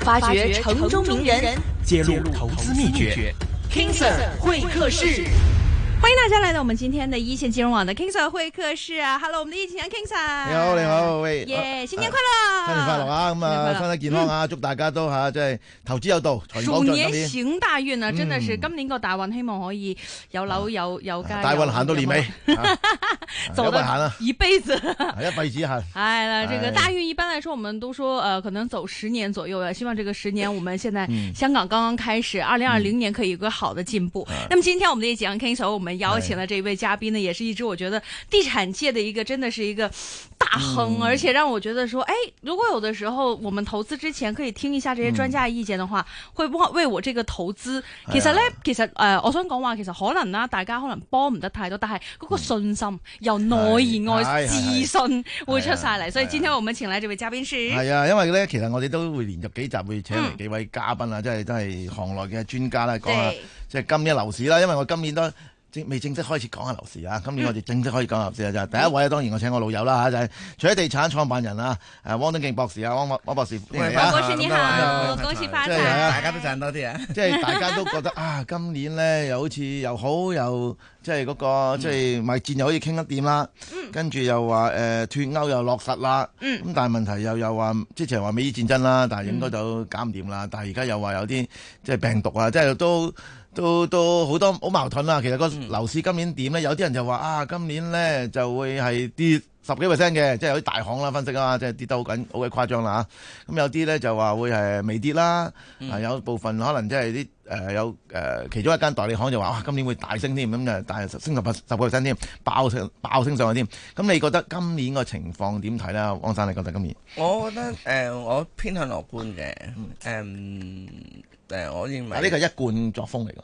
發掘城中名人，揭露投資秘訣。King Sir 會客室。歡迎大家來到我們今天的一線金融網的 KingSir、er、會客室啊！Hello，我們的一線金融 KingSir、er、你好你好，喂，耶，yeah, 新年快樂，新、啊、年快樂啊！咁、嗯、啊，身體健康啊，祝大家都吓，即、啊、係投資有道，財源廣進。鼠年行大運啊，嗯、真的是今年個大運，希望可以有樓有有街，大運行到年尾， 啊、走得行啦，一輩子，啊啊、一輩子吓、啊。 哎呀，這個大運一般來說，我們都說，呃、啊，可能走十年左右嘅，啊，希望這個十年，我們現在香港剛剛開始，二零二零年可以有個好的進步。那麼今天我們嘅一線金融 KingSir，我們。邀請了這一位嘉賓呢，也是一直我覺得地產界的一個真的是一個大亨，嗯、而且讓我覺得說，誒、哎，如果有的時候我們投資之前可以聽一下這些專家意見的話，嗯、會幫為我這個投資。其實呢，啊、其實誒、呃，我想講話，其實可能呢、啊，大家可能幫唔得太多，但係嗰個信心由、嗯、內而外自信會出晒嚟。所以今天我們請嚟呢位嘉賓是，係啊，因為呢，其實我哋都會連續幾集會請嚟幾位嘉賓啊，即係都係行內嘅專家啦，講下即係對對今年樓市啦，因為我今年都。正未正式開始講下樓市啊！今年我哋正式開始講下樓市啊。就、嗯、第一位啊，當然我請我老友啦嚇，就係、是、祥益地產創辦人啊，誒、啊、汪敦敬博士啊，汪汪博士，汪博士你好，恭喜、啊、發財，大家都賺多啲啊！即係大家都覺得啊，今年咧又好似又好又。即係嗰、那個、嗯、即係貿戰又可以傾得掂啦，跟住、嗯、又話誒脫歐又落實啦，咁、嗯、但係問題又又話即係成日話美伊戰爭啦，但係應該就搞唔掂啦。但係而家又話有啲即係病毒啊，即係都都都好多好矛盾啦。其實個樓市今年點咧？有啲人就話啊，今年咧就會係跌十幾 percent 嘅，即係有啲大行啦分析啊，即係跌得好緊，好鬼誇張啦嚇。咁有啲咧就話會係未跌啦，嗯、有部分可能即係啲。誒有誒其中一間代理行就話哇，今年會大升添咁誒，大升十百十個 percent 添，爆升爆升上去添。咁你覺得今年個情況點睇咧？汪生，你覺得今年？我覺得誒、呃，我偏向樂觀嘅。誒誒、嗯嗯呃，我認為。呢、啊這個一貫作風嚟㗎。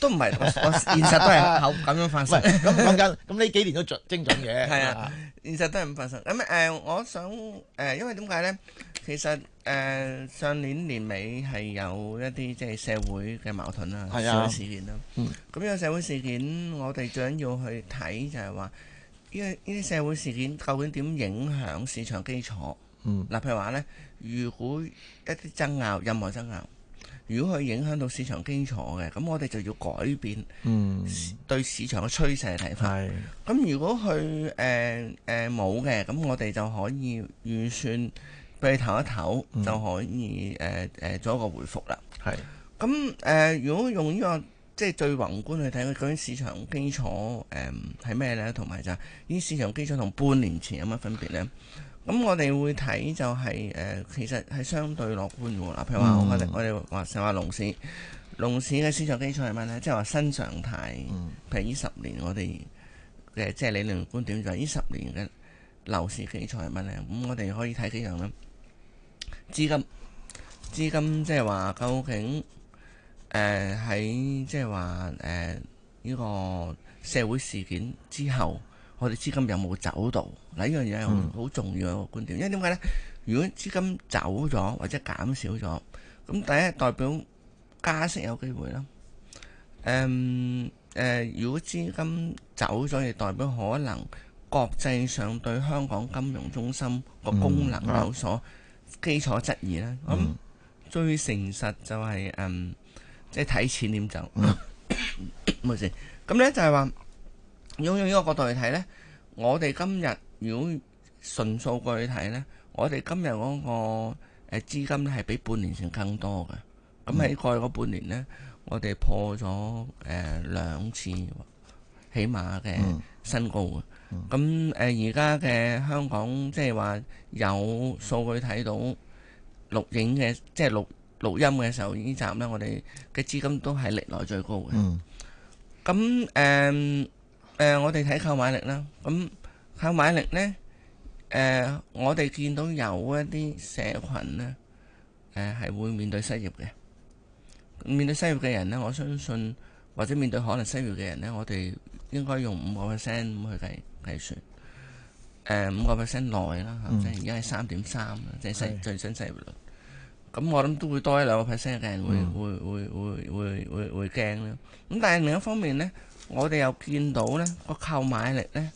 都唔係，我 現實都係咁樣發生。咁講緊咁呢幾年都準精準嘅。係 啊，現實都係咁發生。咁誒、呃，我想誒、呃，因為點解咧？其實誒、呃、上年年尾係有一啲即係社會嘅矛盾啦，社會的事件啦。咁呢、嗯、有社會事件，我哋最緊要去睇就係話，呢啲社會事件究竟點影響市場基礎？嗱、嗯啊，譬如話呢，如果一啲爭拗，任何爭拗，如果佢影響到市場基礎嘅，咁我哋就要改變對市場嘅趨勢睇法。咁、嗯、如果佢誒誒冇嘅，咁、呃呃呃、我哋就可以預算。佢唞一唞、嗯、就可以誒誒、呃，做一個回復啦。係咁誒，如果用呢、呢個即係最宏觀去睇，佢究竟市場基礎誒係咩咧？同、嗯、埋就係呢市場基礎同半年前有乜分別咧？咁我哋會睇就係、是、誒、呃，其實係相對樂觀㗎喎。譬如話、嗯、我哋我哋話成話龍市，龍市嘅市場基礎係乜咧？即係話新常態，譬、嗯、如呢十年我哋嘅即係理論觀點就係呢十年嘅樓市基礎係乜咧？咁我哋可以睇幾樣咧。資金資金即係話，究竟誒喺即係話誒呢個社會事件之後，我哋資金有冇走到？嗱，呢樣嘢係好重要一個觀點，因為點解呢？如果資金走咗或者減少咗，咁第一代表加息有機會啦。誒誒，如果資金走咗，亦代表可能國際上對香港金融中心個功能有所基礎質疑咧，咁、嗯、最誠實就係、是、嗯，即係睇錢點走。冇、嗯、 事，咁咧就係、是、話，如果用呢個角度去睇咧，我哋今日如果純數過去睇咧，我哋今日嗰個誒資金係比半年前更多嘅。咁喺、嗯、過去嗰半年咧，我哋破咗誒、呃、兩次起碼嘅新高啊！嗯咁誒而家嘅香港，即係話有數據睇到錄影嘅，即係錄錄音嘅時候，呢一集咧，我哋嘅資金都係歷來最高嘅。咁誒誒，我哋睇購買力啦。咁購買力咧，誒、呃、我哋見到有一啲社群咧，誒、呃、係會面對失業嘅。面對失業嘅人咧，我相信或者面對可能失業嘅人咧，我哋。應該用五個 percent 咁去計計算，誒五個 percent 內啦，即係而家係三點三，即係新最新比率。咁我諗都會多一兩個 percent 嘅人會會會會會會驚啦。咁但係另一方面咧，我哋又見到咧個購買力咧，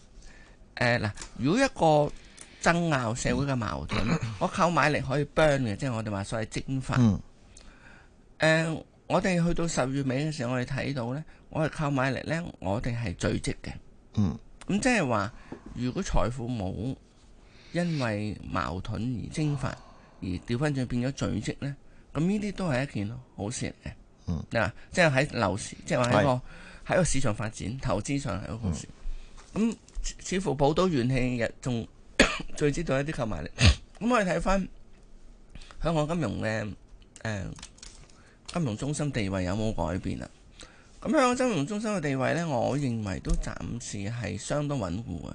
誒嗱，如果一個爭拗社會嘅矛盾，我購買力可以 burn 嘅，即係我哋話所謂蒸發。嗯。誒。我哋去到十月尾嘅時候，我哋睇到呢，我哋購買力呢，我哋係聚積嘅。嗯，咁即係話，如果財富冇因為矛盾而蒸發，而掉翻轉變咗聚積呢，咁呢啲都係一件好事嚟嘅。嗯，嗱，即係喺樓市，即係話喺個喺個市場發展，投資上係好事。咁似乎補到元氣日仲 聚積到一啲購買力。咁、嗯嗯、我哋睇翻香港金融嘅誒。金融中心地位有冇改變啊？咁香港金融中心嘅地位呢，我認為都暫時係相當穩固嘅。誒、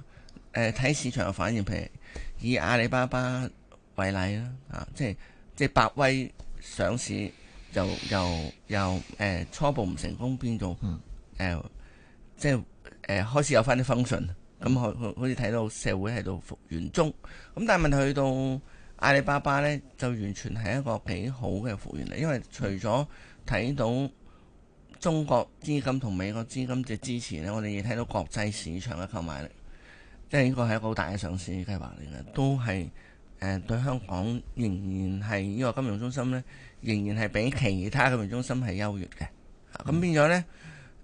呃，睇市場嘅反應，譬如以阿里巴巴為例啦，啊，即係即係百威上市又又又誒、呃、初步唔成功，變做誒、呃、即係誒、呃、開始有翻啲風信，咁好好似睇到社會喺度復原中。咁但係問題去到。阿里巴巴咧就完全係一個幾好嘅復原嚟。因為除咗睇到中國資金同美國資金嘅支持咧，我哋亦睇到國際市場嘅購買力，即係呢個係一個好大嘅上市計劃嚟嘅，都係誒、呃、對香港仍然係呢個金融中心咧，仍然係比其他金融中心係優越嘅。咁、嗯、變咗咧，誒、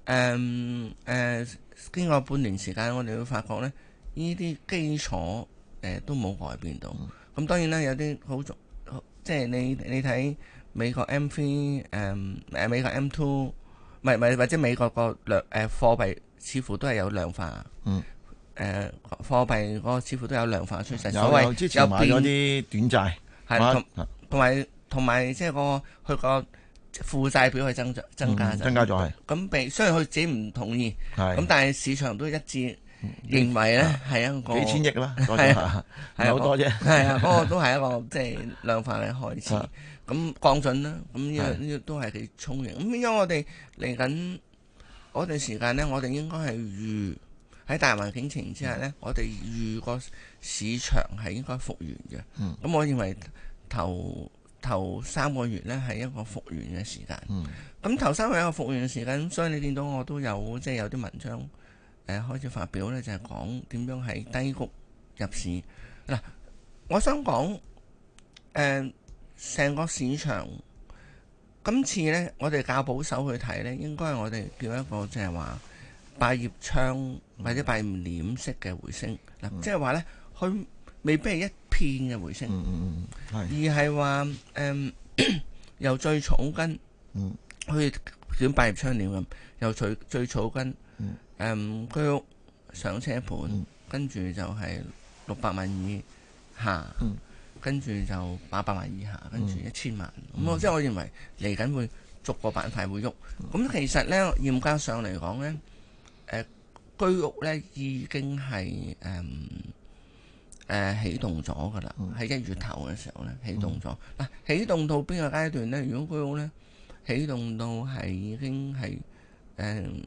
呃、誒、呃、經過半年時間，我哋會發覺咧，呢啲基礎誒、呃、都冇改變到。嗯咁當然啦，有啲好，好即係你你睇美國 m v 誒誒美國 M2，唔係唔係或者美國個量誒貨幣似乎都係有量化，嗯，誒、呃、貨幣嗰個似乎都有量化趨勢，有有之前買咗啲短債，係變同埋、嗯、同埋即係、個佢個負債表去增長增加咗、嗯，增加咗係。咁被是雖然佢自己唔同意，咁的但係市場都一致。認為咧係啊，幾千億啦，係係好多啫，係啊，嗰個都係一個即係量化嘅開始，咁降準啦，咁呢呢都係幾充裕。咁因為我哋嚟緊嗰段時間咧，我哋應該係預喺大環境情之下咧，我哋預個市場係應該復原嘅。咁我認為頭頭三個月咧係一個復原嘅時間。咁頭三個月一個復原嘅時間，所以你見到我都有即係有啲文章。誒開始發表咧，就係、是、講點樣喺低谷入市嗱。我想講誒成、呃、個市場今次咧，我哋較保守去睇咧，應該係我哋叫一個即係話百葉窗或者百葉簾式嘅回升嗱，即係話咧佢未必係一片嘅回升，就是、回升嗯嗯嗯，而係話誒由最草根，嗯，好似點百葉窗簾咁，由最再草根。誒、嗯、居屋上車盤，跟住、嗯、就係六百萬以下，跟住、嗯、就八百萬以下，跟住、嗯、一千萬。咁我、嗯、即係我認為嚟緊會逐個板塊會喐。咁、嗯、其實呢，嚴格上嚟講呢，誒、呃、居屋呢已經係誒誒起動咗㗎啦。喺一、嗯、月頭嘅時候呢，起動咗。嗱、啊，起動到邊個階段呢？如果居屋呢，起動到係已經係誒、嗯、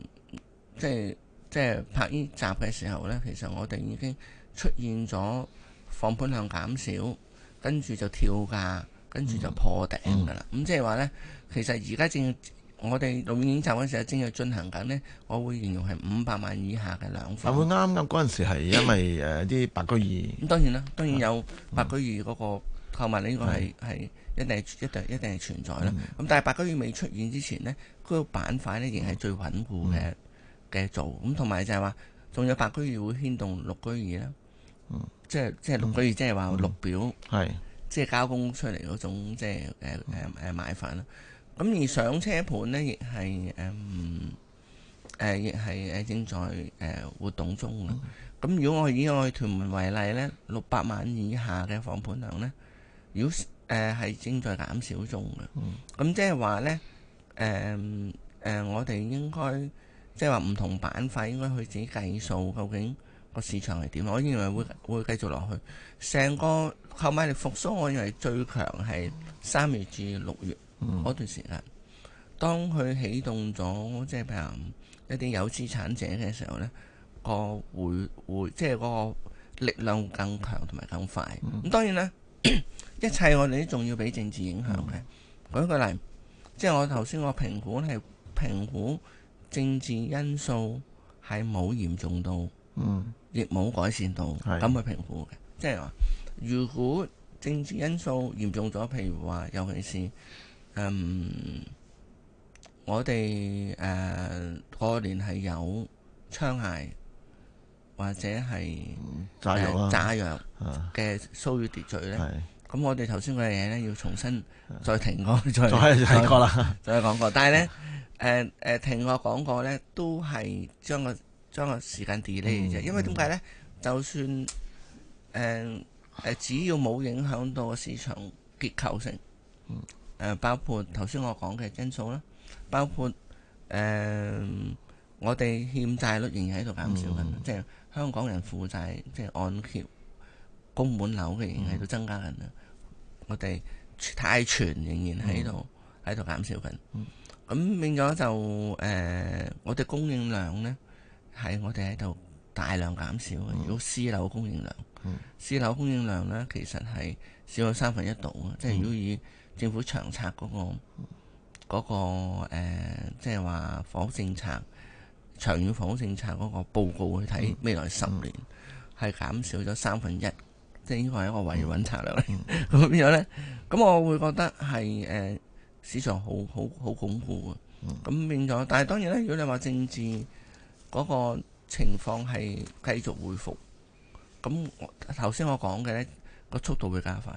即係。嗯即即係拍呢集嘅時候呢，其實我哋已經出現咗放盤量減少，跟住就跳價，跟住就破頂㗎喇。咁、嗯、即係話呢，其實而家正我哋錄影集嗰陣時，正要進行緊呢，我會形容係五百萬以下嘅兩幅。咁啱啱嗰陣時係因為誒啲、 啊、白居易。咁當然啦，當然有白居易嗰個購物呢個係係、嗯、一定一定一定係存在啦。咁、嗯嗯、但係白居易未出現之前呢，嗰個板塊呢，仍係最穩固嘅。嗯嘅做咁，同埋就係話，仲有白居二會牽動六居二啦，嗯，即係即係六居二，即係話綠表，係、嗯、即係交工出嚟嗰種，即係誒誒誒買法啦。咁、嗯、而上車盤咧，亦係誒誒亦係誒正在誒活動中嘅。咁、嗯、如果我以我屯門為例咧，六百萬以下嘅房盤量咧，如果誒係正在減少中嘅，咁即係話咧誒誒，我哋應該。即係話唔同板塊應該佢自己計數，究竟個市場係點？我認為會會繼續落去。成個購買力復甦，我認為最強係三月至六月嗰段時間。嗯、當佢起動咗，即係譬如一啲有資產者嘅時候，呢個會會，即係嗰個力量會更強同埋更快。咁、嗯、當然啦， 一切我哋都仲要俾政治影響嘅、嗯。舉個例，即係我頭先個評估係評估。政治因素係冇嚴重到，嗯，亦冇改善到，咁去評估嘅。即係話，如果政治因素嚴重咗，譬如話，尤其是嗯，我哋誒過年係有槍械或者係炸藥嘅騷擾秩序咧。咁我哋頭先嗰樣嘢咧要重新再停過，再講過啦，再講過。但係咧。誒誒聽我講過咧，都係將個將個時間 delay 啫。嗯嗯、因為點解咧？就算誒誒、呃，只要冇影響到個市場結構性，誒包括頭先我講嘅因素啦，包括誒我哋、呃、欠債率仍然喺度減少緊，嗯嗯、即係香港人負債即係按揭供滿樓嘅仍然喺度增加緊。嗯嗯、我哋泰泉仍然喺度喺度減少緊。嗯嗯咁變咗就誒，我哋供應量咧係我哋喺度大量減少嘅，如果私樓供應量，私樓供應量咧其實係少咗三分一度嘅，即係如果以政府長策嗰個嗰個誒，即係話房屋政策、長遠房屋政策嗰個報告去睇未來十年係減少咗三分一，即係應該係一個維穩策略。咁樣咧，咁我會覺得係誒。市場好好好鞏固啊，咁變咗。但係當然咧，如果你話政治嗰、那個情況係繼續恢復，咁頭先我講嘅咧個速度會加快，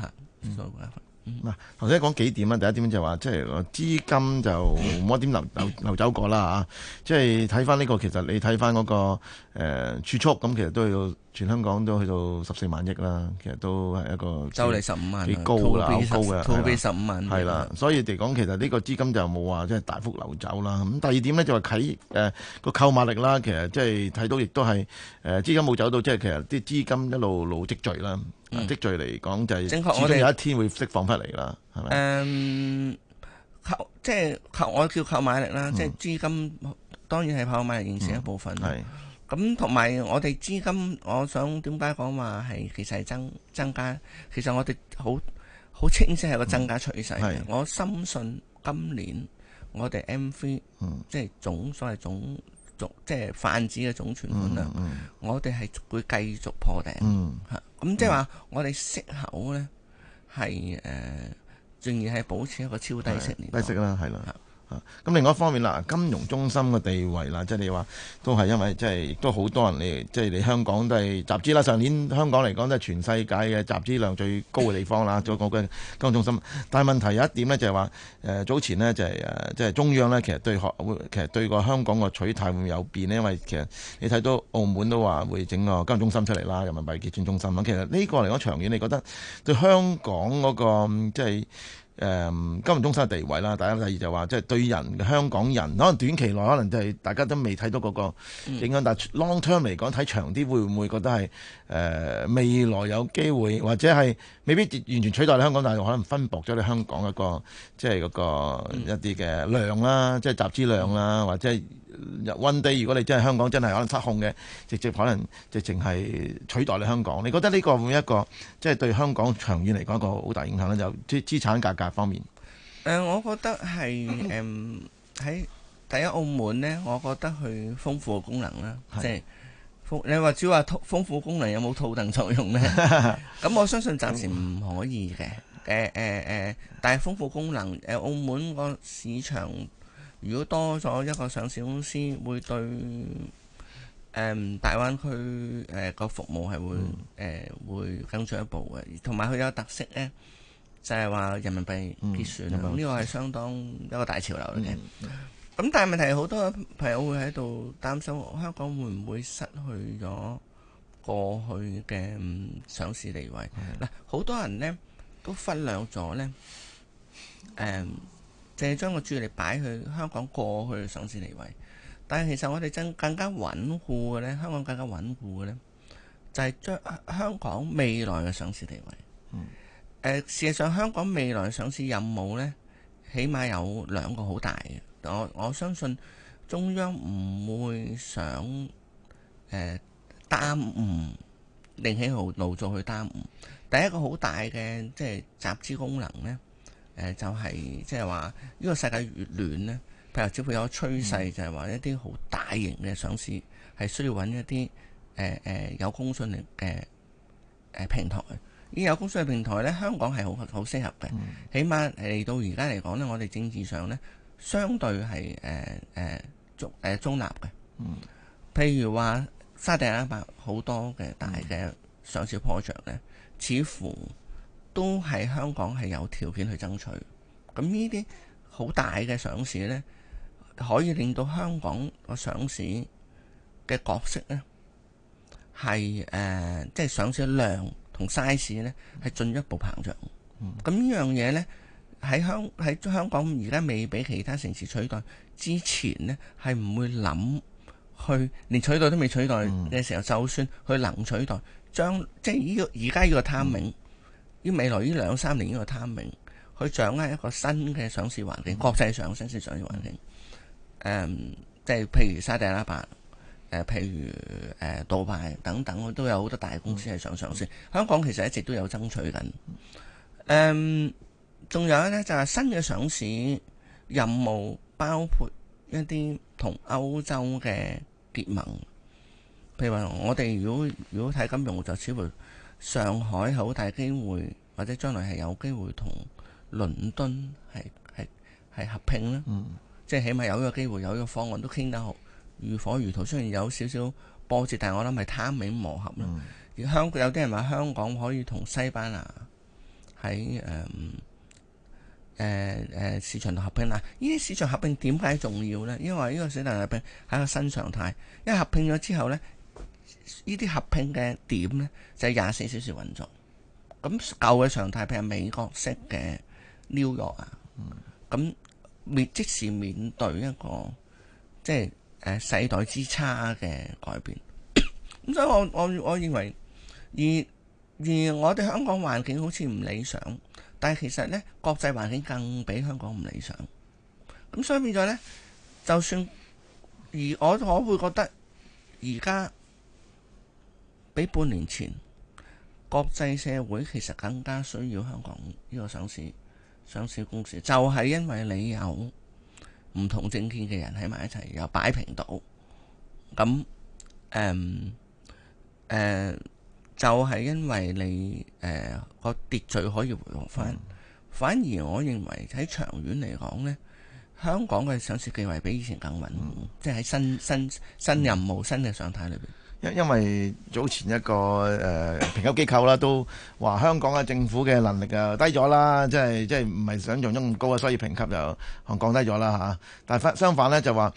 嚇、嗯，速度加快。嗱、嗯，頭先講幾點啊？第一點就係話，即係資金就冇一點流流流走過啦。啊，即係睇翻呢個，其實你睇翻嗰個誒儲蓄，咁、呃、其實都要。全香港都去到十四萬億啦，其實都係一個收利十五萬，幾高啦，比15，高嘅的，套俾十五萬。係啦，所以嚟講，其實呢個資金就冇話即係大幅流走啦。咁第二點咧就係啟誒個購買力啦。其實即係睇到亦都係誒資金冇走到，即係其實啲資金一路路積聚啦，積聚嚟講就係、嗯，始終有一天會釋放出嚟啦，係咪？誒、嗯、即係購，我叫購買力啦，即係資金、嗯、當然係購買力形成一部分係。嗯咁同埋我哋資金，我想點解講話係其實係增增加？其實我哋好好清晰係個增加趨勢。嗯、我深信今年我哋 MV、嗯、即係總所謂總總即係泛指嘅總存款量，嗯嗯、我哋係會繼續破頂。嚇、嗯！咁即係話我哋息口咧係誒，仍然係保持一個超低息年。低息啦，係啦。咁另外一方面啦，金融中心嘅地位啦，即係你話都係因為即係亦都好多人嚟，即係你香港都係集資啦。上年香港嚟講都係全世界嘅集資量最高嘅地方啦，做我嘅金融中心。但係問題有一點呢，就是，就係話誒早前呢，就係誒即係中央呢，其實對學，其實對個香港個取態會唔會有變呢？因為其實你睇到澳門都話會整個金融中心出嚟啦，人民幣結算中心啦。其實呢個嚟講長遠，你覺得對香港嗰，那個即係？就是誒、嗯、金融中心嘅地位啦，大家第二就話即係對人香港人，可能短期內可能就係大家都未睇到嗰個影響，嗯、但係 long term 嚟講，睇長啲會唔會覺得係誒、呃、未來有機會，或者係未必完全取代香港，但係可能分薄咗你香港一個即係嗰個一啲嘅量啦，嗯、即係集資量啦，嗯、或者。One day, 如果你真係香港真係可能失控嘅，直接可能直情係取代你香港。你覺得呢個會唔會一個即係、就是、對香港長遠嚟講一個好大影響呢就即係資產價格方面。誒、呃，我覺得係誒喺第一澳門呢，我覺得佢豐富功能啦，即係豐。是你話主要話豐富功能有冇套戥作用呢？咁 我相信暫時唔可以嘅。誒誒誒，但係豐富功能誒澳門個市場。如果多咗一個上市公司，會對誒大灣區誒個服務係會誒會更進一步嘅，同埋佢有特色咧，就係話人民幣結算啊！呢個係相當一個大潮流嚟嘅。咁但係問題好多朋友會喺度擔心香港會唔會失去咗過去嘅上市地位？嗱，好多人咧都忽略咗咧誒。淨係將個注意力擺去香港過去嘅上市地位，但係其實我哋真更加穩固嘅咧，香港更加穩固嘅咧，就係將香港未來嘅上市地位、嗯呃。事實上香港未來上市任務咧，起碼有兩個好大嘅。我我相信中央唔會想誒耽、呃、誤，令起號路做去耽誤。第一個好大嘅即係集資功能咧。誒就係即係話，呢個世界越亂呢，譬如只會有趨勢，就係話一啲好大型嘅上市係需要揾一啲誒誒有公信力嘅誒平台。呢有公信力平台呢，香港係好好適合嘅，起碼嚟到而家嚟講呢，我哋政治上呢，相對係誒誒中誒中立嘅。譬如話沙特阿拉伯好多嘅大嘅上市 project 呢，似乎。都係香港係有條件去爭取，咁呢啲好大嘅上市呢，可以令到香港個上市嘅角色呢，係誒，即係上市嘅量同 size 呢，係進一步膨脹。咁呢樣嘢呢，喺香喺香港而家未俾其他城市取代之前呢，係唔會諗去連取代都未取代嘅時候，就算去能取代，將即係呢個而家呢個 timing。於未來呢兩三年呢個 timing，佢掌握一個新嘅上市環境，國際上嘅上市上市環境，誒、嗯，即係譬如沙特阿拉伯，誒、呃，譬如誒、呃、杜拜等等，都有好多大公司係上上市。嗯、香港其實一直都有爭取緊，誒、嗯，仲有呢，就係、是、新嘅上市任務，包括一啲同歐洲嘅結盟，譬如話我哋如果如果睇金融就似乎。上海好大機會，或者將來係有機會同倫敦係係係合併咧。嗯、即係起碼有一個機會，有一個方案都傾得好如火如荼。雖然有少少波折，但係我諗係攤尾磨合咯。嗯、而香港有啲人話香港可以同西班牙喺誒誒誒市場度合併啦。依、呃、啲、呃呃、市場合併點解重要呢？因為呢個市場合併係一個新常態。一合併咗之後呢。呢啲合併嘅點呢，就係廿四小時運作。咁舊嘅常態譬如美國式嘅紐約啊，咁面即時面對一個即係、就是、世代之差嘅改變。咁 所以我我我認為而而我哋香港環境好似唔理想，但係其實呢，國際環境更比香港唔理想。咁所以變咗呢，就算而我我會覺得而家。比半年前，國際社會其實更加需要香港呢個上市上市公司，就係、是、因為你有唔同政見嘅人喺埋一齊，有擺平到，咁誒誒，就係、是、因為你誒、呃那個秩序可以回復翻。嗯、反而我認為喺長遠嚟講呢，香港嘅上市地位比以前更穩，嗯、即係喺新新新任務、新嘅狀態裏邊。因因為早前一個誒評級機構啦，都話香港嘅政府嘅能力啊低咗啦，即係即係唔係想像中咁高啊，所以評級就降降低咗啦嚇。但反相反咧就話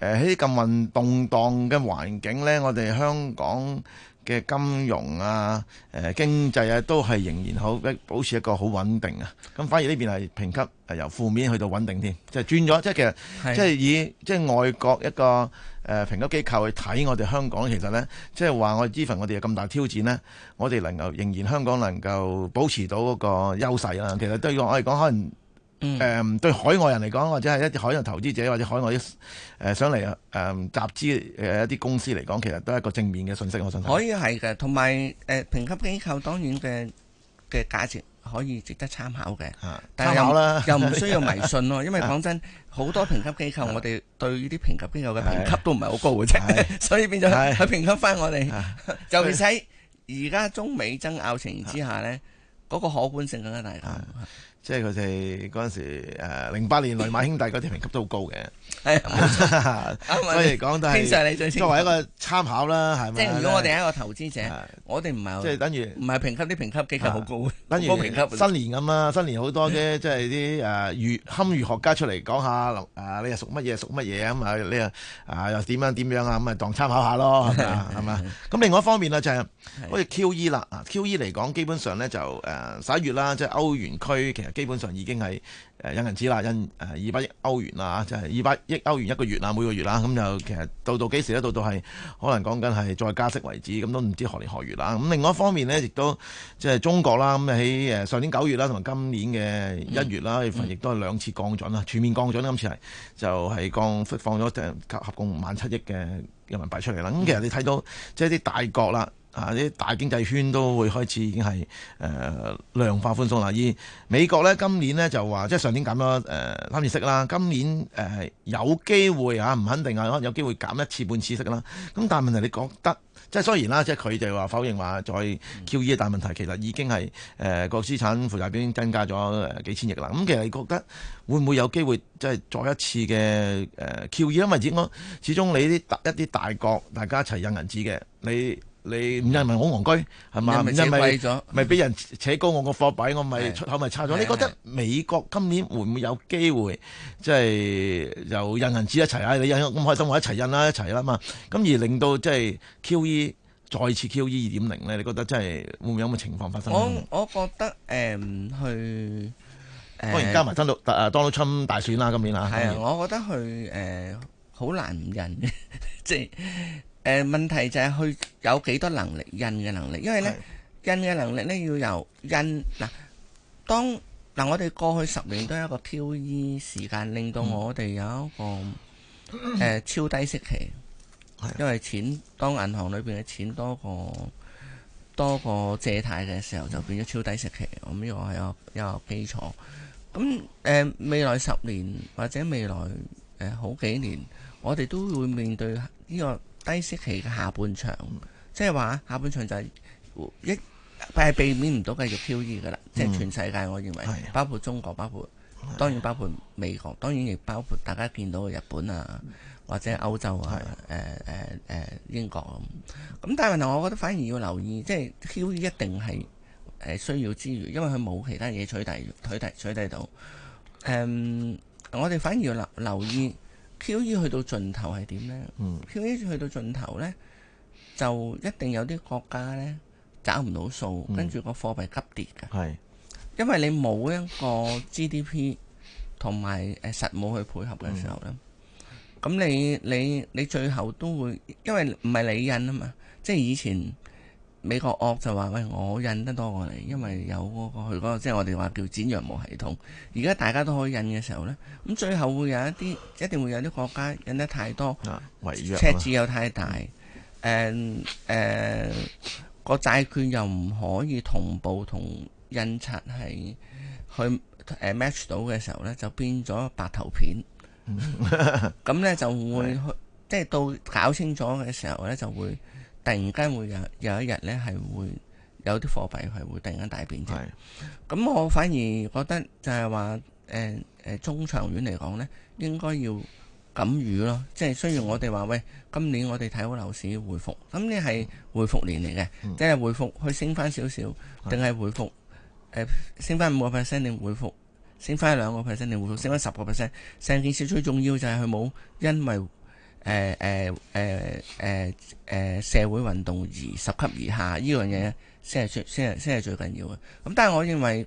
誒喺咁運動盪嘅環境咧，我哋香港嘅金融啊、誒經濟啊，都係仍然好一保持一個好穩定啊。咁反而呢邊係評級係由負面去到穩定添，就轉咗，即係其實即係以即係外國一個。誒、呃、評級機構去睇我哋香港，其實咧，即係話我依份我哋有咁大挑戰咧，我哋能夠仍然香港能夠保持到嗰個優勢啦。其實對我嚟講，可能誒、呃、對海外人嚟講，或者係一啲海外投資者或者海外誒上嚟誒集資誒一啲公司嚟講，其實都係一個正面嘅信息，我信可以係嘅。同埋誒評級機構當然嘅嘅價值。可以值得參考嘅，參是考啦，又唔需要迷信咯。 因為講真，好 多評級機構， 我哋對呢啲評級機構嘅評級的都唔係好高嘅啫，的 所以變咗佢評級翻我哋，是的 就使而家中美爭拗情形之下呢，嗰的個可觀性更加大。的即係佢哋嗰陣時，零、呃、八年雷曼兄弟嗰啲評級都好高嘅， 哎、 所以講都係作為一個參考啦，係咪？即係如果我哋係一個投資者，啊、我哋唔係即係等於唔係評級啲評級機構好高，啊、等於 高評級新、啊。新年咁啦，新年好多啫。即係啲誒堪輿學家出嚟講下，誒你又屬乜嘢屬乜嘢咁啊？你啊啊又點樣點樣啊？咁啊，啊當參考下咯，係嘛？ 咁另外一方面呢、就是，就係好似 QE 啦，QE 嚟講基本上呢、啊，就誒十一月啦，即、就、係、是啊、歐元區其實。基本上已經係誒印銀紙啦，印誒二百億歐元啦，即就係二百億歐元一個月啦，每個月啦，咁、嗯、就其實到到幾時咧？到到係可能講緊係再加息為止，咁都唔知何年何月啦。咁另外一方面呢，亦都即係、就是、中國啦，咁喺誒上年九月啦，同埋今年嘅一月啦，嗯、亦都係兩次降準啦，全面降準啦，今次係就係、是、降放咗合共五萬七億嘅人民幣出嚟啦。咁、嗯、其實你睇到即係啲大國啦。啊！啲大經濟圈都會開始已經係誒、呃、量化寬鬆啦。而美國咧，今年呢就話即係上年減咗誒、呃、三二息啦三次息。今年誒、呃、有機會嚇，唔、啊、肯定啊，可能有機會減一次半次息啦。咁但係問題，你覺得即係雖然啦，即係佢就話否認話再 QE 嘅大問題，其實已經係誒個資產負債表已經增加咗幾千億啦。咁其實你覺得會唔會有機會即係再一次嘅誒、呃、QE？因為始終你啲一啲大國大家一齊印銀紙嘅你。你唔印咪好戇居係嘛？唔印咪咪俾人扯高我個貨幣，是的 我咪出口咪差咗。是的是的，你覺得美國今年會唔會有機會即係又印銀紙一齊啊？你印咁開心，我一齊印啦，一齊啦嘛。咁而令到即係、就是、QE 再次 QE 二點零咧？你覺得即係、就是、會唔會有咁嘅情況發生？我我覺得誒、呃、去，呃、當然加埋真到 Donald Trump 大選啦，今年啊。係、呃、天我覺得去誒好難印，即係。誒、呃、問題就係佢有幾多能力印嘅能力，因為呢，的印嘅能力呢，要由印嗱、啊。當嗱、啊，我哋過去十年都有一個 QE 時間，令到我哋有一個、嗯呃、超低息期，的因為錢當銀行裏邊嘅錢多過多過借貸嘅時候，就變咗超低息期。咁呢、嗯、個係一個基礎。咁誒、呃、未來十年或者未來誒、呃、好幾年，我哋都會面對呢、這個，低息期嘅下半場，即係話下半場就係一係避免唔到繼續 QE 嘅啦，嗯、即係全世界，我認為的包括中國，包括的當然包括美國，當然亦包括大家見到嘅日本啊，或者歐洲啊，誒誒誒英國咁、啊。咁但係問題，我覺得反而要留意，即、就、係、是、QE 一定係誒需要之餘，因為佢冇其他嘢取替取替取替到。誒、嗯，我哋反而要留留意。QE 去到盡頭係點呢？QE 去到盡頭呢，就一定有啲國家呢，找唔到數，跟住、嗯、個貨幣急跌嘅。係是，因為你冇一個 GDP 同埋誒、呃、實務去配合嘅時候呢，咁、嗯、你你你最後都會，因為唔係你印啊嘛，即係以前。美國惡就話：喂，我印得多過你，因為有嗰個佢嗰個，即係我哋話叫剪羊毛系統。而家大家都可以印嘅時候呢，咁最後會有一啲，一定會有啲國家印得太多，啊、違約，赤字又太大。誒、呃、誒，個、呃、債券又唔可以同步同印刷係去誒、呃、match 到嘅時候呢，就變咗白頭片。咁呢就會去，即係到搞清楚嘅時候呢，就會。的突然間會有有一日呢，係會有啲貨幣係會突然間大變質。咁是的 我反而覺得就係話，誒、呃、誒、呃、中長遠嚟講呢，應該要敢於咯。即係雖然我哋話喂，今年我哋睇好樓市回復，咁呢係回復年嚟嘅，嗯、即係回復去升翻少少，定係回復誒、呃、升翻五個 percent 定回復升翻兩個 percent 定回復是的、嗯、升翻十個 percent。成件事最重要就係佢冇因為。誒誒誒誒誒社會運動而十級而下，呢樣嘢先係最先，係先係最緊要嘅。咁但係我認為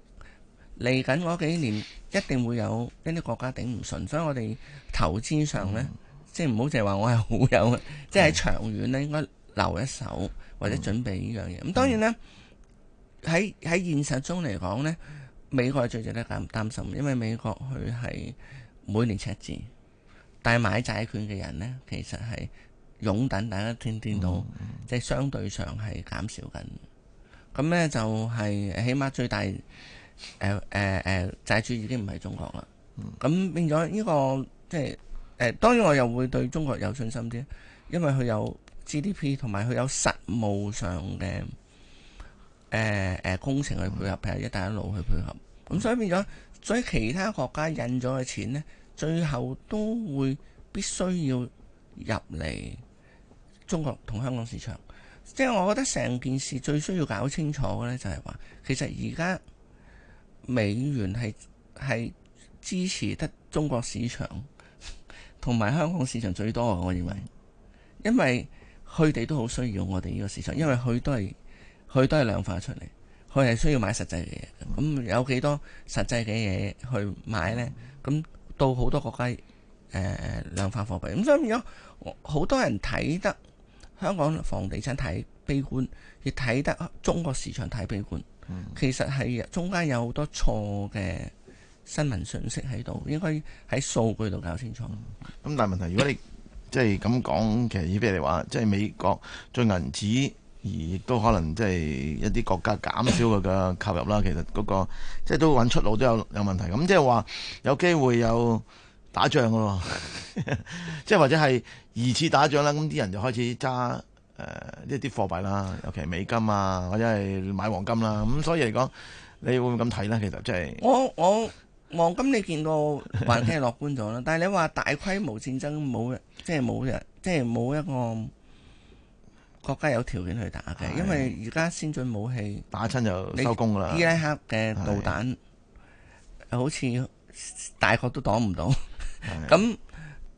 嚟緊嗰幾年一定會有一啲國家頂唔順，所以我哋投資上呢，嗯、即係唔好淨係話我係好友，即係喺長遠咧，應該留一手或者準備呢樣嘢。咁、嗯嗯、當然咧，喺喺現實中嚟講呢，美國係最值得擔心，因為美國佢係每年赤字。但係買債券嘅人呢，其實係擁等等一天天到，嗯嗯、即係相對上係減少緊。咁呢、嗯嗯、就係起碼最大誒誒誒債主已經唔係中國啦。咁、嗯、變咗呢、這個即係誒，當然我又會對中國有信心啲，因為佢有 GDP 同埋佢有實務上嘅誒誒工程去配合，譬如、嗯、一帶一路去配合。咁、嗯嗯、所以變咗，所以其他國家印咗嘅錢呢。最後都會必須要入嚟中國同香港市場，即係我覺得成件事最需要搞清楚嘅呢，就係話其實而家美元係係支持得中國市場同埋香港市場最多，我認為，因為佢哋都好需要我哋呢個市場，因為佢都係佢都係量化出嚟，佢係需要買實際嘅嘢，咁有幾多實際嘅嘢去買呢？咁到好多國家誒、呃、量化貨幣，咁、嗯、所以如果好多人睇得香港房地產太悲觀，亦睇得中國市場太悲觀。其實係中間有好多錯嘅新聞信息喺度，應該喺數據度搞清楚。咁但係問題，如果你 即係咁講，其實以譬如嚟話，即係美國最銀紙。而亦都可能即係一啲國家減少佢嘅購入啦，其實嗰、那個即係都揾出路都有有問題，咁即係話有機會有打仗嘅喎， 即係或者係二次打仗啦，咁啲人就開始揸誒一啲貨幣啦，尤其係美金啊，或者係買黃金啦，咁、嗯、所以嚟講，你會唔會咁睇呢？其實即係我我黃金你見到還聽係樂觀咗啦， 但係你話大規模戰爭冇即係冇人即係冇一個。國家有條件去打嘅，的因為而家先進武器打親就收工啦。伊拉克嘅導彈的好似大國都擋唔到。咁誒的、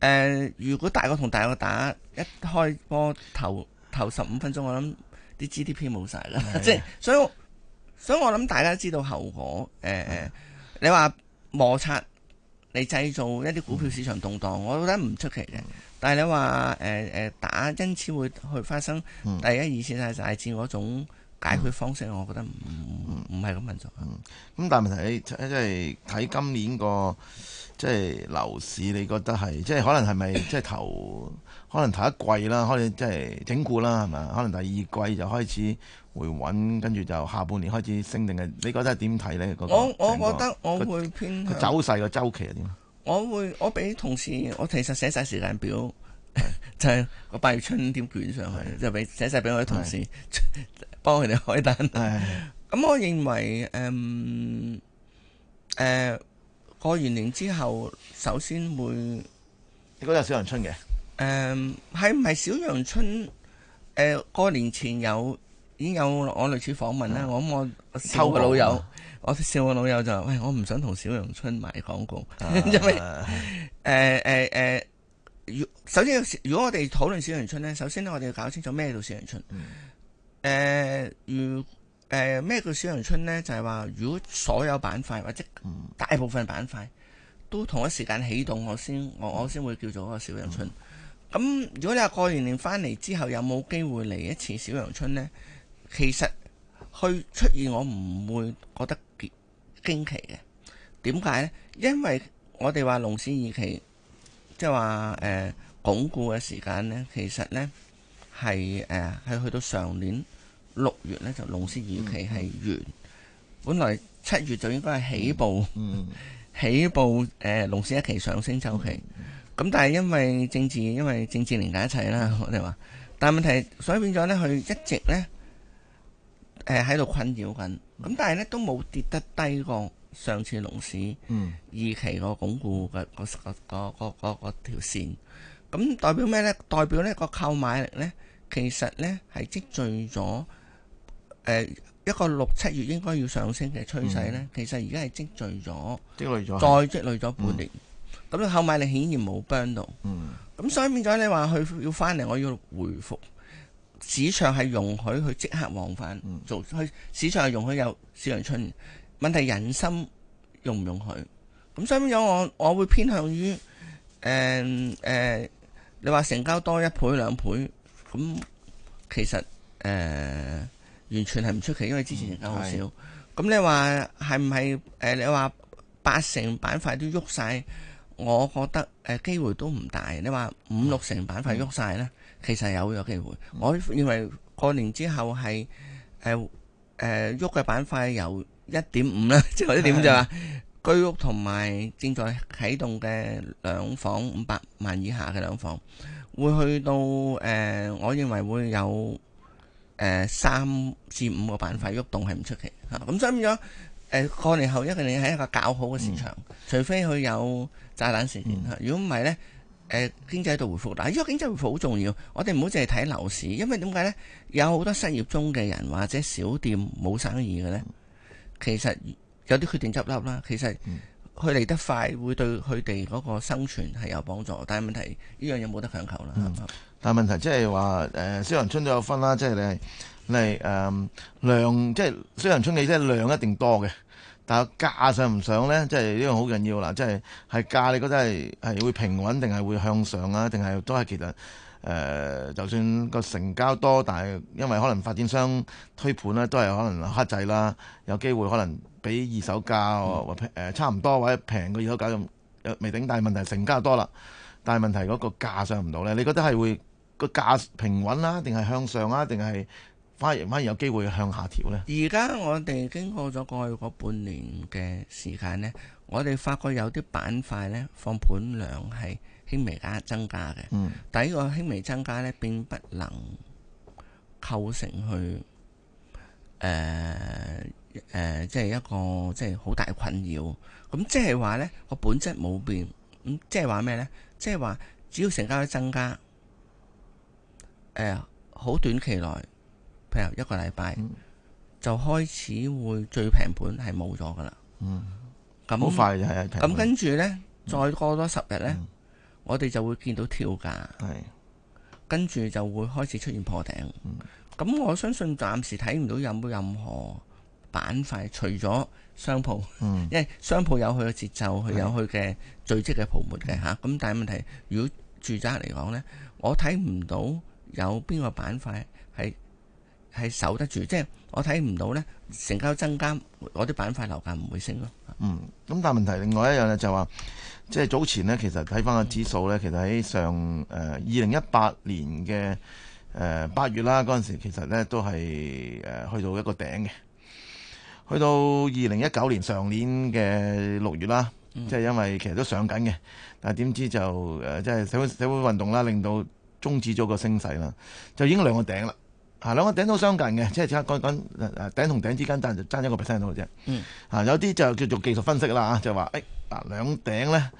呃，如果大國同大國打，一開波頭頭十五分鐘，我諗啲 GDP 冇晒啦。即係的， 所以所以我諗大家都知道後果。誒、呃，的的你話摩擦你製造一啲股票市場動盪，嗯、我覺得唔出奇嘅。但係你話誒誒打，因此會去發生第一二次曬大戰嗰種解決方式，嗯、我覺得唔唔唔係咁穩重。咁、嗯、但係問題，即係睇今年個即係樓市，你覺得係即係可能係咪即係頭可能第一季啦，可能開始即係整固啦，係咪？可能第二季就開始回穩，跟住就下半年開始升定係？你覺得係點睇咧？我、那個、我覺得我會偏向。佢走勢個週期係點？我會我俾同事，我其實寫晒時間表， 就係個八月春貼卷上去，的就俾寫晒俾我啲同事，幫佢哋開單。咁的、嗯、我認為，誒、嗯，誒、呃，過完年之後，首先會，你覺得係小陽春嘅？誒、呃，係唔係小陽春？誒、呃，過年前有，已經有我類似訪問啦。嗯、我我收個老友。我笑我老友就話、是，喂，我唔想同小陽春買廣告，因為誒誒誒，若、 呃呃呃呃呃呃、首先，如果我哋討論小陽春咧，首先咧，我哋要搞清楚咩叫小陽春。誒、嗯，如誒咩叫小陽春咧？就係、是、話，如果所有板塊或者大部分板塊都同一時間起動，我先我我先會叫做嗰個小陽春。咁、嗯、如果你話過完年翻嚟之後有冇機會嚟一次小陽春咧？其實去出現，我唔會覺得。驚奇嘅，點解咧？因為我哋話龍市二期，即係話誒鞏固嘅時間咧，其實咧係誒係去到上年六月咧就龍市二期係完，本來七月就應該係起步，起步誒龍市一期上升周期，咁但係因為政治因為政治連帶一齊啦，我哋話，但係問題所以變咗咧，佢一直咧。誒喺度困擾緊，咁但係咧都冇跌得低過上次龍市二期個鞏固嘅個個條線，咁代表咩呢？代表呢個購買力呢，其實呢係積聚咗誒、呃、一個六七月應該要上升嘅趨勢呢、嗯、其實而家係積聚咗，積累咗，再積累咗半年，咁你購買力顯然冇崩到，咁所以變咗你話佢要返嚟，我要回覆。嗯市場係容許佢即刻往返，做、嗯，佢市場係容許有市場出現。問題，人心容唔容許？咁所以咁樣我我會偏向於誒誒、呃呃，你話成交多一倍兩倍，咁其實誒、呃、完全係唔出奇，嗯、因為之前成交好少。咁、嗯、你話係唔係誒？你話八成板塊都喐晒，我覺得誒機會都唔大。你話五六成板塊喐晒呢？嗯嗯其實有有機會，我認為過年之後係誒誒喐嘅板塊由一點五啦，即係一點就話居屋同埋正在啟動嘅兩房五百萬以下嘅兩房，會去到誒我認為會有誒三至五個板塊喐動係唔出奇吓，咁所以咁樣誒過年後一年係一個較好嘅市場，除非佢有炸彈事件吓，如果唔係呢。誒，經濟度回復，但係呢個經濟回復好重要，我哋唔好淨係睇樓市，因為點解呢？有好多失業中嘅人或者小店冇生意嘅呢，其實有啲決定執笠啦。其實佢嚟得快會對佢哋嗰個生存係有幫助，但係問題呢樣嘢冇得強求啦？但係問題即係話，誒、呃，小陽春都有分啦，即係你係，呃，量，即係小陽春你即係量一定多嘅。但係價上唔上咧，即係呢個好緊要啦。即係係價，你覺得係係會平穩定係會向上啊？定係都係其實誒、呃，就算個成交多，但係因為可能發展商推盤咧，都係可能黑仔啦。有機會可能比二手價或、嗯、差唔多，或者平過二手價咁，未頂。但係問題成交多啦，但係問題嗰個價上唔到咧。你覺得係會個價平穩啦，定係向上啊，定係？反而，反而有機會向下調咧。而家我哋經過咗過去嗰半年嘅時間咧，我哋發覺有啲板塊咧，放盤量係輕微加增加嘅。嗯，但係呢個輕微增加咧，並不能構成去誒誒、呃呃，即係一個即係好大困擾。咁即係話咧，個本質冇變。咁即係話咩咧？即係話只要成交增加，誒、呃、好短期內。譬如一個禮拜就開始會最平盤係冇咗噶啦，嗯，咁好快就係啊，咁跟住呢，再過多十日呢，我哋就會見到跳價，係，跟住就會開始出現破頂，咁我相信暫時睇唔到有冇任何板塊，除咗商鋪，因為商鋪有佢嘅節奏，佢有佢嘅累積嘅泡沫嘅吓，咁但係問題如果住宅嚟講呢，我睇唔到有邊個板塊。係守得住，即係我睇唔到呢，成交增加，我啲板塊樓價唔會升咯。嗯，咁但係問題另外一樣呢、就係，就話，即係早前呢，其實睇翻個指數呢，其實喺上誒二零一八年嘅誒八月啦嗰陣時，其實呢都係誒去到一個頂嘅，去到二零一九年上年嘅六月啦，即係、嗯、因為其實都上緊嘅，但係點知就誒即係社會社會運動啦，令到中止咗個升勢啦，就已經兩個頂啦。啊，兩個頂都相近嘅，即係即係講講、啊、頂同頂之間爭就爭一個 percent 到嘅啫。嗯、啊，有啲就叫做技術分析啦嚇，就話誒啊兩頂咧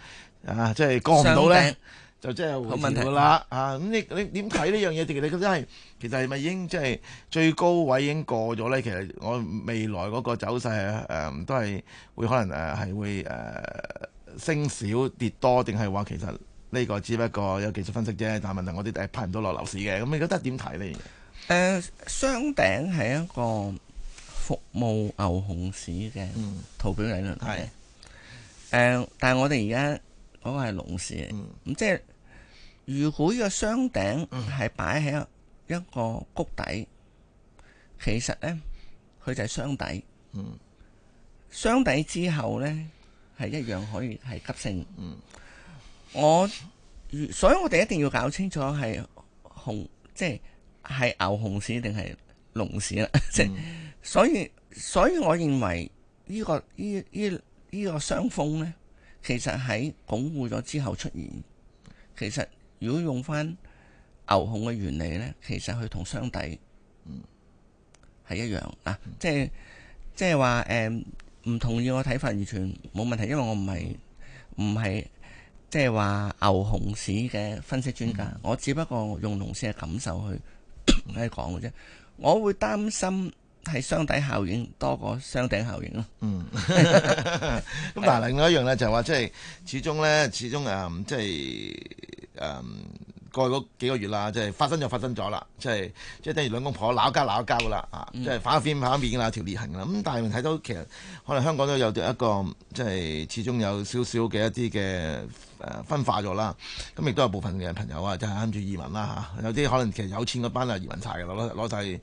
啊，即係過唔到咧，就即係好問題啦。啊，咁你你點睇呢樣嘢？ 其實你覺得係其實係咪已經即係、就是、最高位已經過咗咧？其實我未來嗰個走勢誒、呃、都係會可能誒係、呃、會誒、呃、升少跌多，定係話其實呢個只不過有技術分析啫。但係問題我哋係拍唔到落樓市嘅。咁你覺得點睇呢？誒，雙頂係一個服務牛熊市嘅圖表理論係誒，但係我哋而家嗰個係龍市，咁、嗯、即係如果呢個雙頂係擺喺一個谷底，嗯、其實呢，佢就係雙底。嗯，雙底之後呢，係一樣可以係急升。嗯、我所以，我哋一定要搞清楚係紅即係。係牛熊市定係龍市啦，即 所以，所以我認為、這個這個這個這個、雙呢個呢呢呢個雙峰咧，其實喺鞏固咗之後出現。其實如果用翻牛熊嘅原理呢，其實佢同雙底係一樣、嗯、啊！即係即係話誒，唔、呃、同意我睇法完全冇問題，因為我唔係唔係即係話牛熊市嘅分析專家，嗯、我只不過用龍市嘅感受去。同你講嘅啫，我會擔心係雙底效應多過雙頂效應咯、啊。嗯，咁 但係另外一樣咧，就係話即係始終咧，始終誒即係誒過嗰幾個月啦，即係發生就發生咗啦，即係即係等於兩公婆鬧交鬧交嘅啦，啊，即係反一面翻一面啦，條裂痕啦。咁但係睇到其實可能香港都有咗一個即係始終有少少嘅一啲嘅。誒分化咗啦，咁亦都有部分嘅朋友啊，即係諗住移民啦嚇，有啲可能其實有錢嗰班啊移民晒攞攞攞晒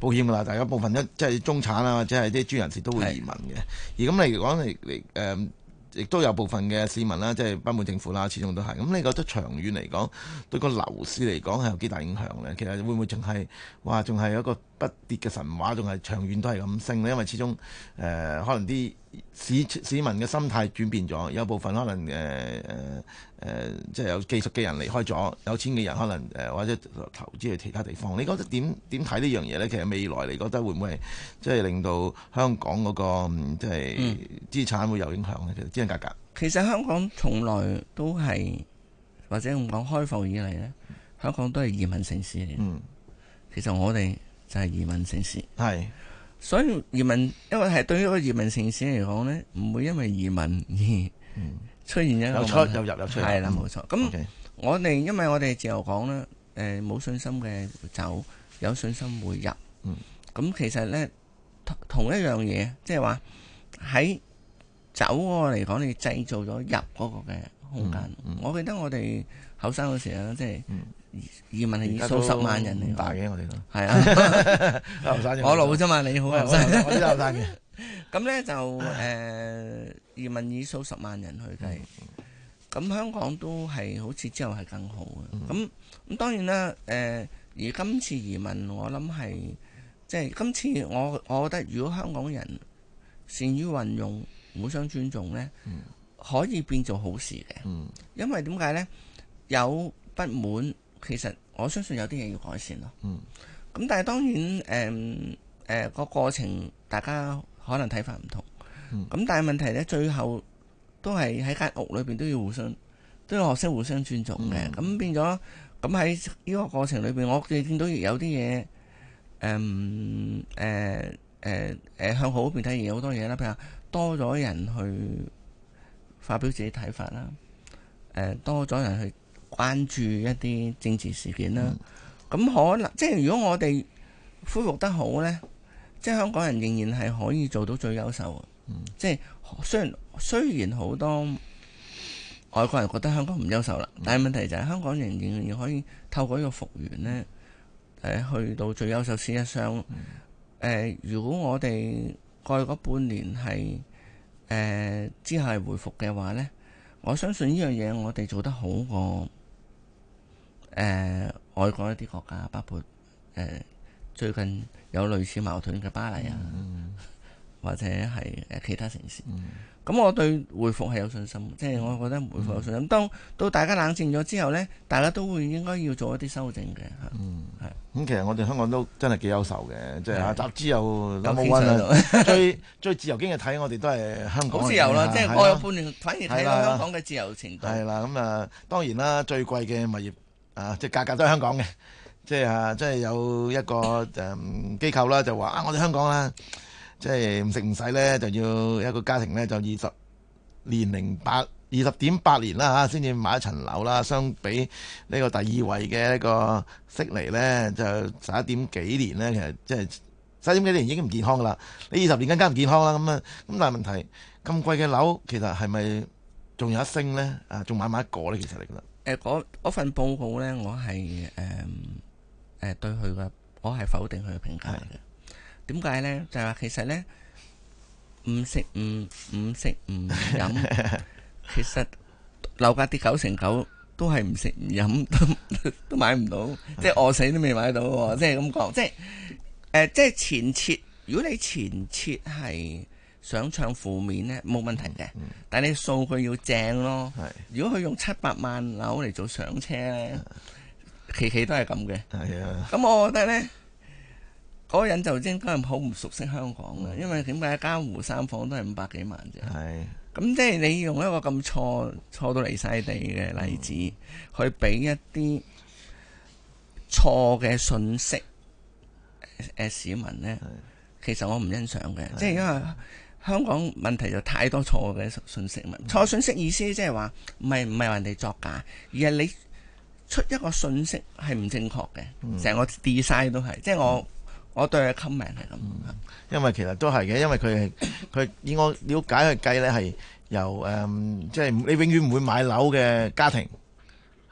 保險㗎啦，但係有部分一即係中產啊，或者係啲專業人士都會移民嘅。是而咁嚟講嚟嚟誒，亦、呃、都有部分嘅市民啦，即係不滿政府啦，始終都係。咁你覺得長遠嚟講，對個樓市嚟講係有幾大影響咧？其實會唔會仲係話仲係一個？不跌嘅神話仲係長遠都係咁升咧？因為始終誒、呃、可能啲市市民嘅心態轉變咗，有部分可能誒誒、呃呃、即係有技術嘅人離開咗，有錢嘅人可能誒、呃、或者投資去其他地方。你覺得點點睇呢樣嘢呢？其實未來你覺得會唔會即係令到香港嗰、那個即係、就是、資產會有影響咧？其實資產價格、嗯、其實香港從來都係或者唔講開放以嚟呢，香港都係移民城市嚟。嗯，其實我哋。就係移民城市，係是，所以移民，因為係對於一個移民城市嚟講咧，唔會因為移民而出現一個、嗯、有出有入，有出係啦，冇錯。咁、嗯、我哋 Okay. 因為我哋自由港啦，誒、呃、冇信心嘅走，有信心會入。嗯，咁其實咧同一樣嘢，即係話喺走嗰個嚟講，你製造咗入嗰個嘅空間。嗯嗯、我記得我哋後生嘅時候啊，即係。嗯移，移民係以數十萬人嚟，大嘅我哋都係啊。我老啫嘛，你好啊， 我老，我真係嘅。咁咧就誒移民以數十萬人去計，咁、嗯、香港都係好似之後係更好嘅。咁咁、嗯、當然啦，誒、呃、而今次移民我諗係即係今次我我覺得如果香港人善於運用互相尊重咧，嗯、可以變做好事嘅。嗯、因為點解咧有不滿？其實我相信有啲嘢要改善咯。嗯。咁但係當然，誒誒個過程大家可能睇法唔同。咁、嗯、但係問題呢，最後都係喺間屋裏邊都要互相，都要學識互相尊重嘅。咁、嗯嗯、變咗，咁喺呢個過程裏邊，我哋見到有啲嘢，誒誒誒向好嗰邊睇，亦有好多嘢啦，譬如話多咗人去發表自己睇法啦，誒、呃、多咗人去。關注一啲政治事件啦，咁、嗯、可能即係如果我哋恢復得好呢，即係香港人仍然係可以做到最優秀嘅。嗯、即係雖然雖然好多外國人覺得香港唔優秀啦，嗯、但係問題就係香港人仍然可以透過呢個復原呢，誒、呃、去到最優秀事實上、嗯呃。如果我哋過去嗰半年係誒、呃、之後係回復嘅話呢，我相信呢樣嘢我哋做得好過。誒外國一啲國家，包括誒最近有類似矛盾嘅巴黎啊，或者係誒其他城市。咁我對回覆係有信心，即係我覺得回覆有信心。咁到大家冷靜咗之後呢，大家都會應該要做一啲修正嘅。嗯，係。咁其實我哋香港都真係幾優秀嘅，即係集資又 number one 啦，最最自由經濟睇我哋都係香港。好自由啦，即係我有半年反而睇香港嘅自由程度。係啦，咁啊當然啦，最貴嘅物業。啊！即係價格都係香港嘅，即係啊，即係有一個誒、嗯、機構啦，就話啊，我哋香港啦，即係唔食唔使咧，就要一個家庭咧，就二十年零八二十點八年啦嚇，先、啊、至買一層樓啦。相比呢個第二位嘅一個悉尼咧，就十一點幾年咧，其實即係十一點幾年已經唔健康噶啦。你二十年更加唔健康啦，咁啊咁，但係問題咁貴嘅樓，其實係咪仲有一升咧？啊，仲買唔買得過咧？其實嚟講。誒，嗰、呃、份報告咧，我係誒誒對佢嘅，我係否定佢嘅評價嘅。點解咧？就係、是、話其實咧，唔食唔唔食唔飲，飲 其實樓價跌九成九，都係唔食唔飲都都買唔到，的即係餓死都未買到喎。即係咁講，即係誒，即係前設。如果你前設係。想唱負面呢，冇問題嘅，但係你數據要正咯。如果佢用七百萬樓嚟做上車呢，期期都係咁嘅。係啊，咁我覺得呢，嗰個人就應該係好唔熟悉香港嘅，因為點解一間湖三房都係五百幾萬啫？係。咁即係你用一個咁錯錯到離晒地嘅例子去俾一啲錯嘅信息，市民呢，其實我唔欣賞嘅，即係因為。香港問題就太多錯嘅訊息問題。錯信息意思即係話，唔係唔係話人哋作假，而係你出一個信息係唔正確嘅。成個 design 都係，嗯、即係我我對嘅 comment 係咁、嗯。因為其實都係嘅，因為佢係佢以我了解去計咧，係由誒，即係你永遠唔會買樓嘅家庭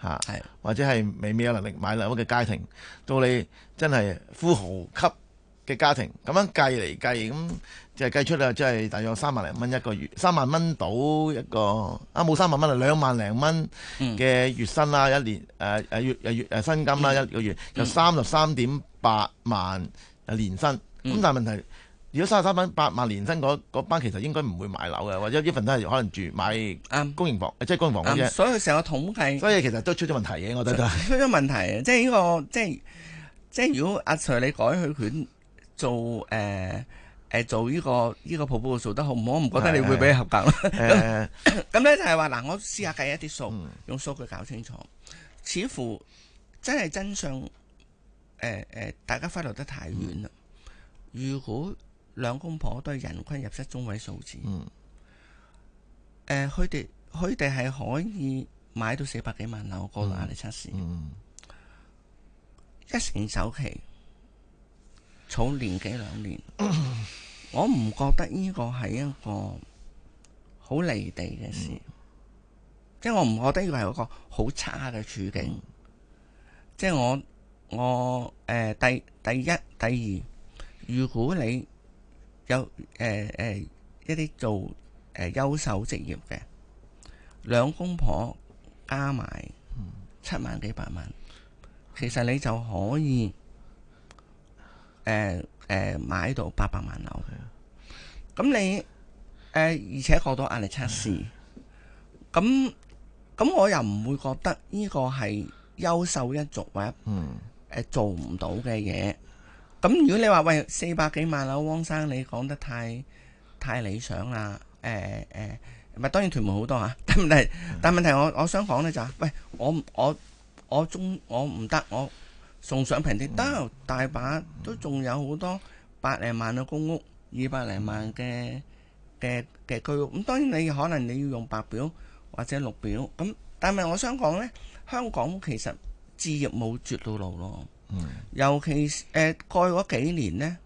嚇，啊、的或者係未未有能力買樓嘅家庭，到你真係富豪級嘅家庭，咁樣計嚟計咁。即係計出啦，即係大約三萬零蚊一個月，三萬蚊到一個啊冇、哎、三萬蚊啊，兩萬零蚊嘅月薪啦，一年誒誒、呃、月誒月誒薪金啦，一個月就三十三點八萬啊年薪。咁但係問題，如果三十三蚊八萬年薪嗰班其實應該唔會買樓嘅，或者一份都係可能住買公營房，um, 即係公營房嘅啫。Um, um, 所以佢成個統計，所以其實都出咗問題嘅，我覺得出咗問題。就是這個、即係呢個即係即係如果阿 Sir 你改佢佢做誒。誒做呢、呢個依、呢個泡沫做得好唔好？我唔覺得你會俾合格咯。誒咁咧就係話嗱，我試下計一啲數，用數據搞清楚，似乎真係真相。誒、呃、誒，大家忽略得太遠啦。嗯、如果兩公婆都係人均入息中位數字，誒佢哋佢哋係可以買到四百幾萬樓過嚟測試，一成首期。嗯嗯儲年幾兩年，我唔覺得呢個係一個好離地嘅事，嗯、即係我唔覺得呢個係一個好差嘅處境。嗯、即係我我誒、呃、第第一第二，如果你有誒誒一啲做誒優秀職業嘅兩公婆加埋七萬幾百萬，其實你就可以。誒誒、呃呃，買到八百萬樓，咁 你誒、呃，而且過到壓力測試，咁咁 我又唔會覺得呢個係優秀一族或者誒、呃、做唔到嘅嘢。咁 如果你話喂四百幾萬樓，汪生你講得太太理想啦。誒、呃、誒，唔、呃、係當然屯門好多啊，但問題但問題我我想講咧就係，喂我我我，我，我中我唔得我。我送上平啲得，大把都仲有好多百零萬嘅公屋，二百零萬嘅嘅嘅居屋。咁當然你可能你要用白表或者綠表，咁但係我想講咧，香港其實置業冇絕到路咯。尤其是誒過去嗰幾年咧，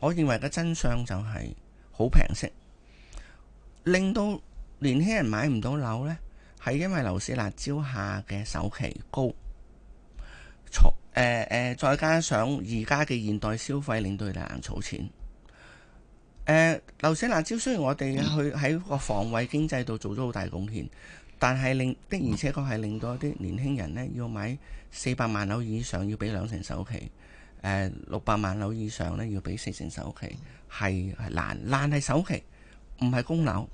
我認為嘅真相就係好平息，令到年輕人買唔到樓咧，係因為樓市辣招下嘅首期高。誒誒、呃，再加上而家嘅現代消費令到佢難儲錢。誒、呃，樓市辣招，雖然我哋去喺個防衛經濟度做咗好大貢獻，但係令的而且確係令到一啲年輕人呢要買四百萬樓以上要俾兩成首期，誒六百萬樓以上呢要俾四成首期，係係難難係首期，唔係供樓，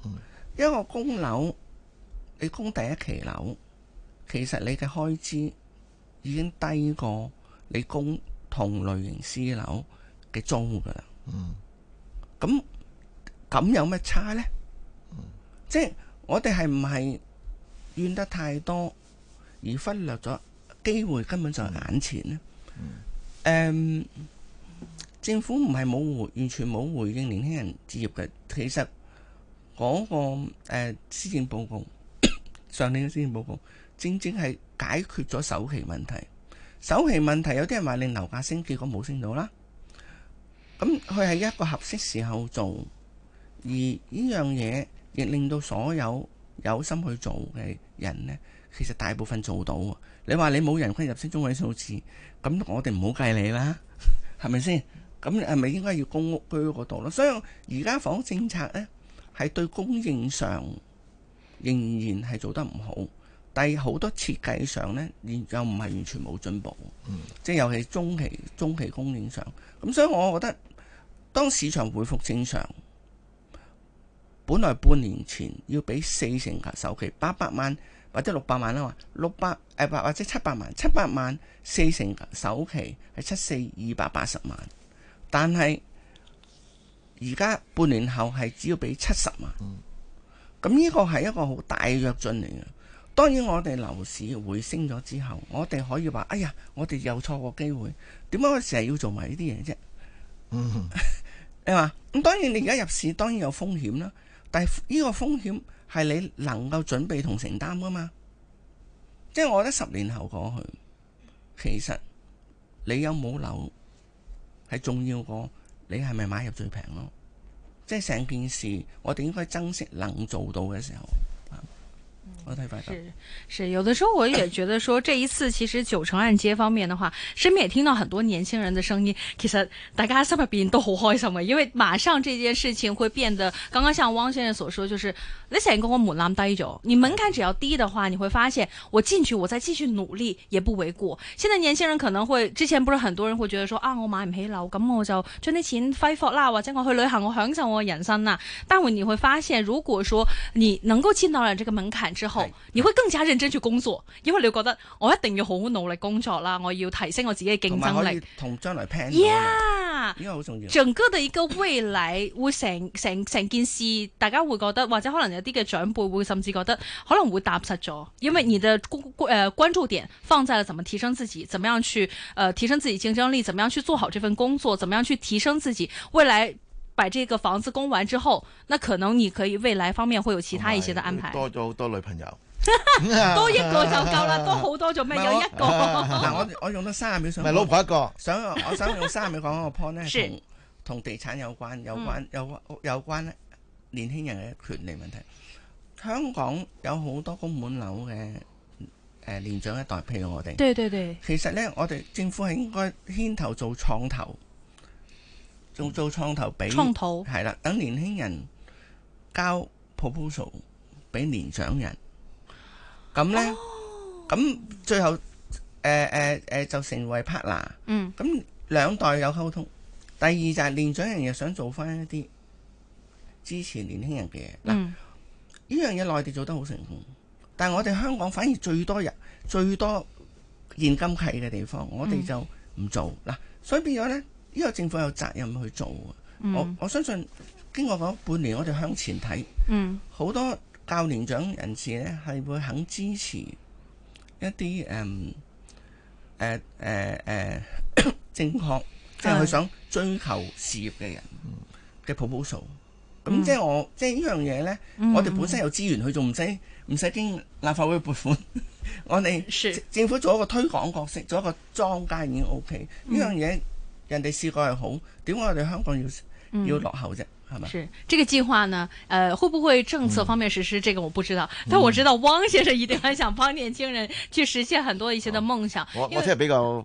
因為供樓你供第一期樓，其實你嘅開支。已經低過你公同類型私樓嘅租戶噶啦，嗯，咁咁有咩差呢？嗯、即係我哋係唔係怨得太多而忽略咗機會根本就係眼前咧？嗯，um, 政府唔係冇回完全冇回應年輕人置業嘅，其實嗰、嗰個，誒施政報告，上年嘅施政報告。 正正係解決咗首期問題。首期問題有啲人話令樓價升，結果冇升到啦。咁佢係一個合適時候做，而呢樣嘢亦令到所有有心去做嘅人呢，其實大部分做到。你話你冇人均入息中位數字，咁我哋唔好計你啦，係咪先？咁係咪應該要公屋區嗰度咯？所以而家房政策呢，係對供應上仍然係做得唔好。但係好多設計上呢，又唔係完全冇進步，即係、嗯、尤其中期中期供應上。咁、嗯、所以我覺得當市場回復正常，本來半年前要俾四成首期八百萬或者六百萬啦，嘛、哎，六百誒或或者七百萬七百萬四成首期係七四二百八十萬，但係而家半年後係只要俾七十萬，咁呢、嗯、個係一個好大嘅躍進嚟嘅。當然我哋樓市回升咗之後，我哋可以話：哎呀，我哋又錯過機會。點解我成日要做埋呢啲嘢啫？嗯 ，你話咁當然你而家入市當然有風險啦，但係呢個風險係你能夠準備同承擔噶嘛？即係我覺得十年後過去，其實你有冇樓係重要過你係咪買入最平咯？即係成件事，我哋應該珍惜能做到嘅時候。不太是是，有的時候我也覺得說 這一次其實九成按揭方面的話，身邊也聽到很多年輕人的聲音。其實大家心入邊都好開心嘛，因為馬上這件事情會變得剛剛像汪先生所說，就是，你我門檻你門檻只要低的話，你會發現我進去，我再繼續努力也不為過。現在年輕人可能會之前不是很多人會覺得說啊，我買唔起樓，我咁我就將啲錢，揮霍啦，或者我去旅行，我享受我嘅人生啦，但我你會發現，如果說你能夠進到了這個門檻之後，你會更加認真去工作，因為你會覺得我一定要好好努力工作啦，我要提升我自己嘅競爭力，同將來 plan。因為好重要，整個嘅一個未來會成成，成件事，大家會覺得或者可能有啲嘅長輩會甚至覺得可能會踏實咗，因為你的關誒關注點放在咗怎麼提升自己，怎麼樣去誒、呃、提升自己競爭力，怎麼樣去做好這份工作，怎麼樣去提升自己未來。把這個房子供完之後，那可能你可以未來方面會有其他一些的安排。多咗好多女朋友， 多一個就夠啦，多好多做咩有一個？嗱， 我 我用咗三十秒想。唔係老婆一個，我想我想用三十秒講個 point 呢同同地產有關、有關、有關有關咧，年輕人嘅權利問題。香港有好多供滿樓嘅誒年長一代，譬如我哋。對對對。其實呢，我哋政府係應該牽頭做創投。做做創投俾，係啦土，等年輕人交 proposal 俾年長人，咁咧，咁、oh. 最後，誒誒誒，就成為 partner。嗯、mm.。咁兩代有溝通。第二就係年長人又想做翻一啲支持年輕人嘅嘢。嗯。呢樣嘢內地做得好成功，但係我哋香港反而最多人、最多現金契嘅地方，我哋就唔做。嗱、mm.，所以變咗咧。呢個政府有責任去做嘅，嗯、我我相信經過嗰半年，我哋向前睇，好、嗯、多較年長人士咧係會肯支持一啲誒誒誒誒正確，即係佢想追求事業嘅人嘅 proposal 咁即係我即係、嗯、呢樣嘢咧，我哋本身有資源去做，唔使唔使經立法會撥款， 我哋們是政府做一個推廣角色，做一個莊家已經 OK。呢樣嘢。人哋試過係好，點解我哋香港要要落後啫？係咪、嗯？是，吧是，這個計劃呢？誒、呃，會不會政策方面實施？嗯、這個我不知道，但我知道汪先生一定很想幫年輕人去實現很多一些的夢想。嗯、為我我聽比較。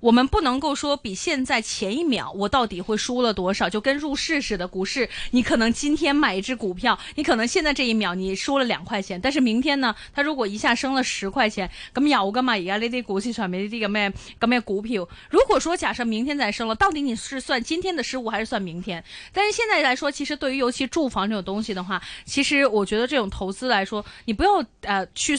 我們不能夠說比現在前一秒我到底會輸了多少，就跟入市似的股市，你可能今天買一隻股票，你可能現在這一秒你輸了兩塊錢，但是明天呢，它如果一下升了十塊錢，咁啲咁咩咁咩股票？如果說假設明天再升了，到底你是算今天的失誤還是算明天？但是現在來說，其實對於尤其住房這種東西的話，其實我覺得這種投資來說，你不要呃去。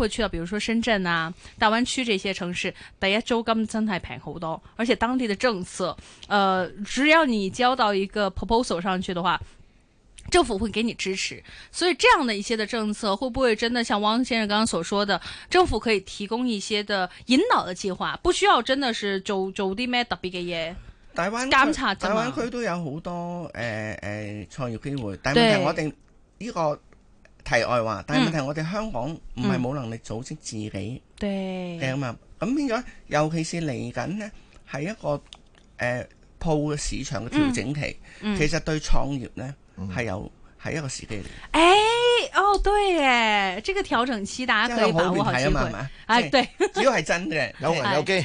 會去到，比如說深圳啊、大灣區這些城市，租金真係平好多，而且當地的政策，呃，只要你交到一個 proposal 上去的話，政府會給你支持。所以這樣的一些的政策，會不會真的像汪先生剛剛所說的，政府可以提供一些的引導的計劃，不需要真的是做做啲咩特別嘅嘢？大灣區，大灣區都有好多誒誒創業機會，但係我哋呢對、這個。題外話，但係問題我哋香港唔係冇能力組織自己，係啊、嗯、嘛，咁變咗，尤其是嚟緊呢，係一個誒鋪嘅市場嘅調整期，嗯嗯、其實對創業呢，係、嗯、有係一個時機嚟。誒、哎，哦，對誒，呢、這個調整期大家可以把握好機會啊嘛，啊、哎、對是，對只要係真嘅 有人有機。